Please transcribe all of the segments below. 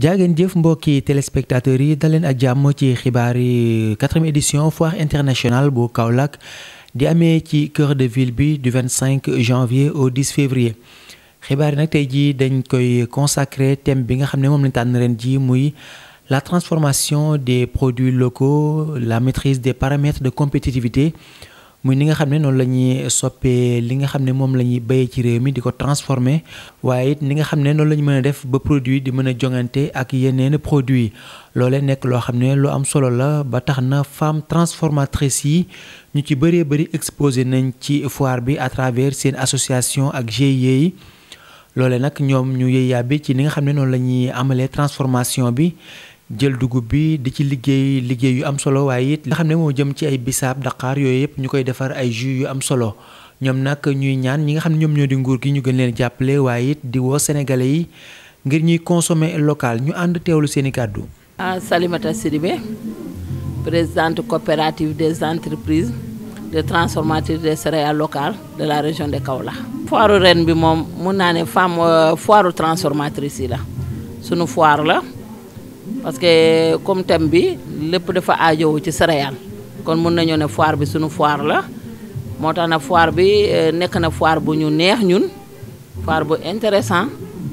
jaageen jëf mbokki téléspectateurs yi daleen a jàmm ci xibaar yi quatrième édition foire internationale bu Kaolack di amee ci cœur de ville bi du 25 janvier au 10 février xibaar yi nag tey jii dañ koy consacrer thème bi nga xam ne moom lañ tànn ren ji muy la transformation des produits locaux la maîtrise des paramètres de compétitivité muy ni nga xam ne noonu la ñuy soppee li nga xam ne moom la ñuy béyee ci réew mi di ko transformer waaye ni nga xam ne noonu la ñu mën a def ba produit di mën a jongante ak yeneen produit loole nekk loo xam ne lu am solo la ba tax na femme transformatrice yi ñu ci bëree bëri exposé nañ ci foire bi à travers seen association ak GIE yi loole nag ñoom ñu yëy yàbbi ci ni nga xam ne noonu la ñuy amalee transformation bi jël dugub bi di ci liggéey liggéey yu am solo waaye it nga xam ne moo jëm ci ay bisaab daqaar yooyu yëpp ñu koy defar ay jus yu am solo ñoom nag ñuy ñaan ñi nga xam ne ñoom ñoo di nguur gi ñu gën leen jàppale waaye it di woo sénégalais yi ngir ñuy consommer locale ñu ànd teewlu seen i kàddu. ah Salimata Sidibé présidente coopérative des entreprises de transformatrices des céréales locales de la région de Kaolack. foiru ren bi moom mun naa ne femme euh, foiru transformatrice yi la. parce que comme thème bi lépp dafa aajowoo ci céréales kon mën nañoo ne foire bi suñu foire la moo tax na foire bi euh, nekk na foire bu ñu neex ñun foire bu intéressant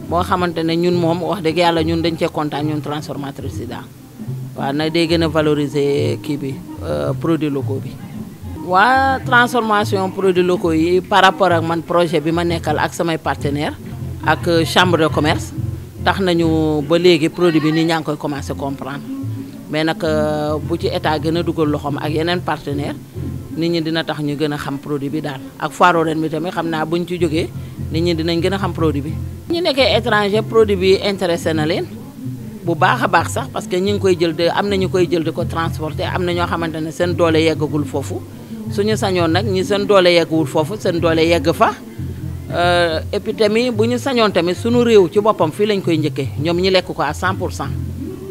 boo xamante ne ñun moom wax dëgg yàlla ñun dañ cee kontaan ñun transformatrice waa daal nag day gën a valoriser kii bi euh, produit locaux bi waa transformation produits locaux yi par rapport ak man projet bi ma nekkal ak samay partenaire ak euh, chambre de commerce tax nañu ba léegi produit bi nii ñaa ngi koy commencé comprendre mais nag euh, bu ci état gën a dugal loxoom ak yeneen partenaire nit ñi dina tax ñu gën a xam produit bi daal ak foire ren bi tamit xam naa bu ñu ci jógee nit ñi dinañ gën a xam produit bi. ñu nekkee étranger produit bi intéressé na leen bu baax a baax sax parce que ñu ngi koy jël de am na ñu koy jël di ko transporté am na ñoo xamante ne seen doole yeggagul foofu suñu sañoon nag ñu seen doole yeggagul foofu seen doole yegg fa. Euh, et puis bu ñu sañoon tamit suñu réew ci boppam fii lañ koy njëkkee ñoom ñi lekk ko à 100 pour cent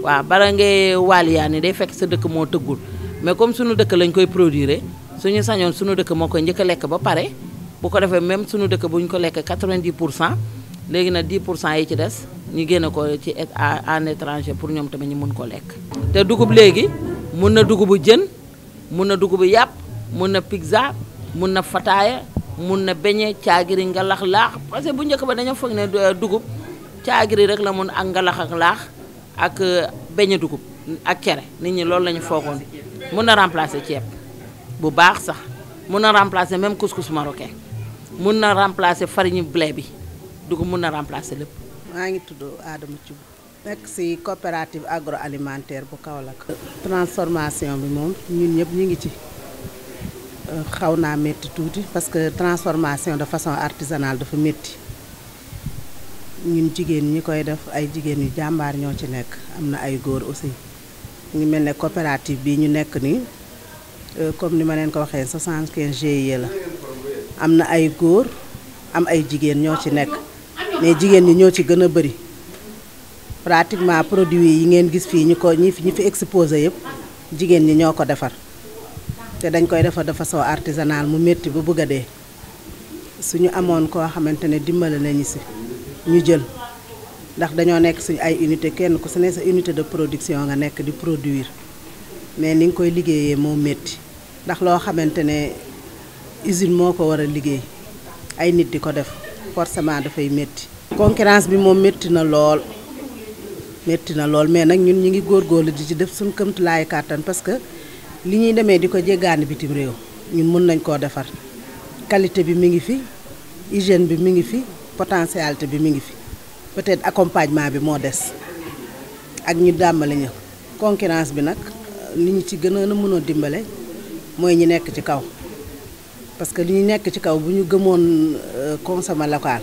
waaw bala ngay waaliyaa ni day fekk sa dëkk moo tëggul mais comme suñu dëkk lañ koy produire suñu sañoon suñu dëkk moo koy njëkk a lekk ba pare bu ko defee même suñu dëkk bu ñu ko lekk 90 pour cent léegi nag 10 pour cent yi ci des ñu génne ko ci en étranger pour ñoom tamit ñu mun ko lekk. te dugub léegi mun na dugubu jën mun na dugubu yàpp mun na pizza mun na fataaya. mun na beñe caagiri ngalax laax parce que bu njëkk ba dañoo foog ne euh, dugub caagiri rek la mun ak ngalax ak laax ak euh, beñe dugub ak cere nit ñi loolu la ñu foogoon mun na remplacer ceeb bu baax sax mun na remplacer même couscous marocain mun na remplacer farine blé bi dugub mun na remplacer lépp. maa ngi tudd Adama Thioub nekk ci coopérative alimentaire bu Kaolack. transformation bi moom ñun ñëpp ñu ngi ci. xaw naa métti tuuti parce que transformation de façon artisanale dafa métti ñun jigéen ñi koy def ay jigéen yu jàmbaar ñoo ci nekk am na ay góor aussi ngi mel ne coopérative bi ñu nekk nii euh, comme ni ma leen ko waxee 75 GIE la am na ay góor am ay jigéen ñoo ci nekk mais jigéen ñi ñoo ci gën a bëri pratiquement produit yi ngeen gis fii ñu ko ñi fi ñi fi exposé yëpp jigéen ñi ñoo ko defar te dañ koy defar de façon artisanale mu métti bu bëgg a dee suñu amoon koo xamante ne dimbale nañu si ñu jël ndax dañoo nekk suñu ay unité kenn ku si ne sa unité de production nga nekk di produire mais ni nga koy liggéeyee moo métti ndax loo xamante ne usine moo ko war a liggéey ay nit di ko def forcément dafay métti concurrence bi moom métti na lool métti na lool mais nag ñun ñi ngi góor góorgóorlu di ci def suñu këmtulaay kàttan parce que li ñuy demee di ko jéggaani bitim réew ñun mën nañ koo defar qualité bi mi ngi fi hygiène bi mi ngi fi potentialité bi mi ngi fi peut-être accompagnement bi moo des ak ñu dàmbale ñu concurrence bi nag li ñu ci gën a mënoo dimbale mooy ñu nekk ci kaw parce que li ñu nekk ci kaw bu ñu gëmoon euh, consommer local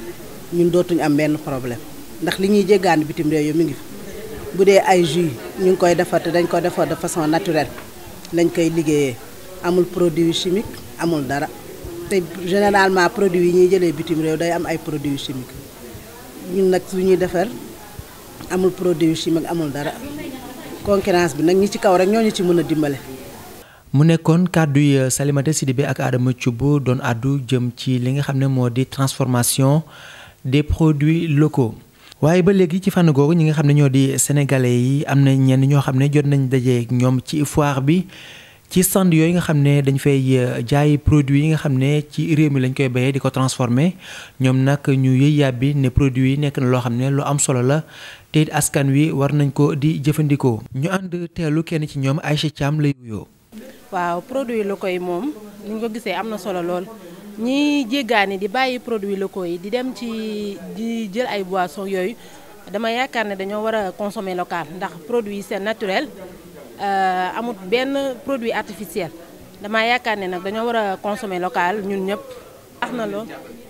ñun dootuñu am benn problème ndax li ñuy jéggaani bitim réew yo mi ngi fi bu dee ay jus ñu ngi koy defar te dañ ko defar de façon naturelle lañ koy liggéeyee amul produit chimique amul dara te généralement produit yi ñuy jëlee bitim réew day am ay produit chimiques ñun nag su ñuy defar amul produit chimique amul dara concurrence bi nag ñi ci kaw rek ñoo ñu ci mën a dimbale. mu nekkoon kàddu yi euh, Salimata bi ak Adama Thioub doon àddu jëm ci li nga xam ne moo di transformation des produits locaux. waaye ba léegi ci fànn googu ñi nga xam ne ñoo di sénégalais yi am na ñenn ñoo xam ne jot nañ dajeek ñoom ci foire bi ci stand yooyu nga xam ne dañ fay euh, jaay produit yi nga xam ne ci réew mi lañ koy bayee di ko transformé ñoom nag ñu yëy yàbbi ne produit yi nekk na loo xam ne lu am solo la te askan wi war nañ ko di jëfandikoo. ñu ànd teelu kenn ci ñoom ay Thiam lay wuyoo. waaw produit lu koy moom ni ko gisee am na solo lool. ñiy jéggaani di bàyyi produit locaux yi di dem ci di jël ay boissons yooyu dama yaakaar ne dañoo war a consommer local ndax produit yi c'est naturel euh, amut benn produit artificiel dama yaakaar ne nag dañoo war a consommer local ñun ñëpp. baax na loo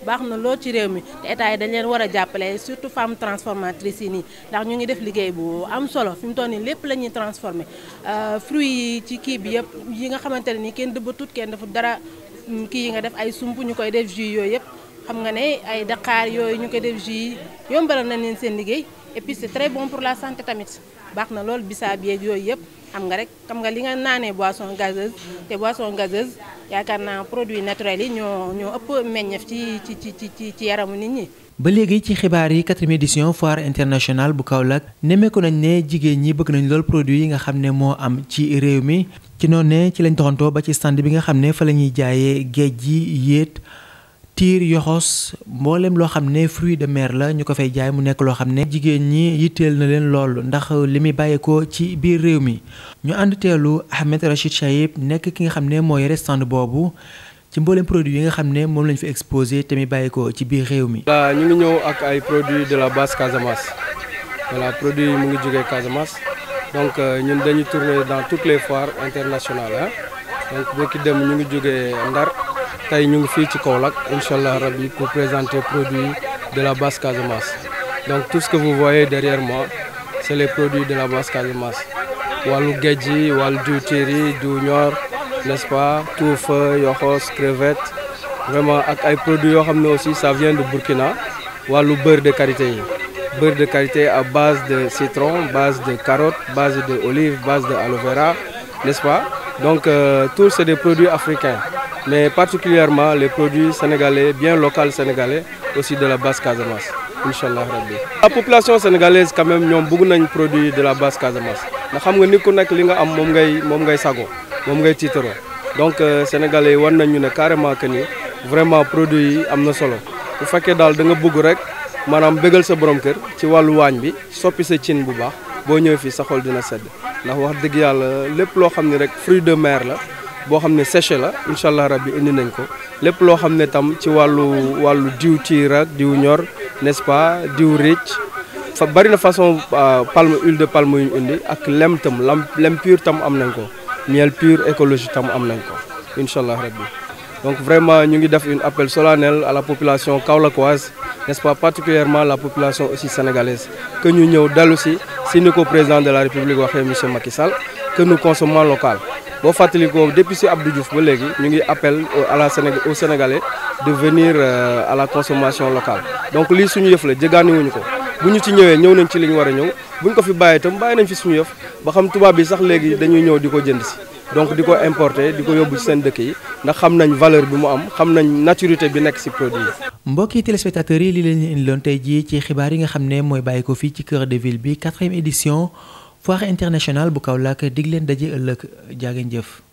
baax na loo ci réew mi te état yi dañ leen war a jàppale surtout femmes transformatrices yi nii ndax ñu ngi def liggéey bu am solo fi mu toll nii lépp lañuy ñuy transformé euh, fruits yi ci kii bi yëpp yi nga xamante ne nii kenn dëbbatut kenn dafa dara. kii yi nga def ay sump ñu koy def jus yooyu yëpp xam nga ne ay daqaar yooyu ñu koy def jus yi yombalal nañ leen seen liggéey et très bon pour la santé tamit baax na lool bisaab yeeg yooyu yëpp xam nga rek xam nga li nga naanee boisson gazeuse te boisson gazeuse yaakaar naa produit naturel yi ñoo ñoo ëpp meññeef ci ci ci ci ci yaramu nit ñi. ba léegi ci xibaar yi quatre édition foire internationale bu kaw lag nemmeeku nañ ne jigéen ñi bëgg nañ lool produit yi nga xam ne moo am ci réew mi ci noonu ne ci lañ doxantoo ba ci stand bi nga xam ne fa la ñuy jaayee géej gi yéet tiir yoxos mboolem loo xam ne fruit de mer la ñu ko fay jaay mu nekk loo xam ne jigéen ñi yitteel na leen lool ndax li muy bàyyeekoo ci biir réew mi ñu ànd teelu Ahmed Rachid Chayib nekk ki nga xam ne moo yore stand boobu ci mboolem produit yi nga xam ne moom lañ fi exposé mi bàyyi ko ci biir réew mi. voilà ñu ngi ñëw ak ay produits de la base Casamance voilà produit yi mu ngi jógee Casamance donc euh, ñun dañuy tourner dans toutes les foires internationales ah donc boo ki dem ñu ngi jógee Ndar tey ñu ngi fii ci Kaolack incha allah rabi pour présenter produit de la base Casamance donc tout ce que vous voyez derrière moi c' les produits de la base Casamance wàllu géej yi wàllu diwtiir n'est-ce pas touffe yoxoos crevette vraiment ak ay produit yoo xam ne aussi ça vient de Burkina wàllu bër de quarité yi bër de karité à base de citron base de carotte base de olive base de aloe n'est-ce pas donc euh, tous c'est des produits africains mais particulièrement les produit sénégalais bien local sénégalais aussi de la basse Casamance incha allah rabbi la population sénégalaise quand même ñoom bëgg nañ produit de la basse Casamance ndax xam nga nit ku nekk li nga am moom ngay moom ngay sago moom ngay tiitaroo donc euh, sénégal yi war nañu ne carrément que ni vraiment produit yi am na solo bu fekkee daal da nga bëgg rek maanaam bégal sa borom kër ci wàllu waañ bi soppi sa cin bu baax boo ñëwee fii sa xol dina sedd ndax wax dëgg yàlla lépp loo xam ne rek fruit de mer la boo xam ne séché la incha allah rabbi indi nañ ko lépp loo xam ne tam ci wàllu wàllu diw tiir ak diw ñor n'est-ce pas diw ricc fa bari na façon euh, palme huile de palm yu ñu indi ak lem tam lem pur am nañ ko miel pur écologie tam am nañ ko incha allah rabbi donc vraiment ñu ngi def une appel solennel à la population kaolackoise n'est-ce pas particulièrement la population aussi sénégalaise que ñëw dellu si si ni ko président de la république waxee monsieur Macky Sall que nous consommons local boo fàttali ko depuis si Abdou Diouf ba léegi ñu ngi appel à la Sénégal au Sénégalais de venir euh, à la consommation local donc lii suñu yëf la jëgaaniwuñu ko bu ñu ci ñëwee ñëw nañ ci li ñu war a ñëw bu ko fi bàyyi itam bàyyi nañ fi suñu yëf ba xam tubaab bi sax léegi dañuy ñëw di ko jënd si donc di ko importer di ko yóbbu ci seen dëkk yi ndax xam nañu valeur bi mu am xam nañ naturité bi nekk ci produit yi. mbokki téléspectateurs yi li leen ñu indiloon tey jii ci xibaar yi nga xam ne mooy bàyyi ko fii ci kër de ville bi quatrième édition foire internationale bu Kaolack dig leen daje ëllëg jaageen jëf.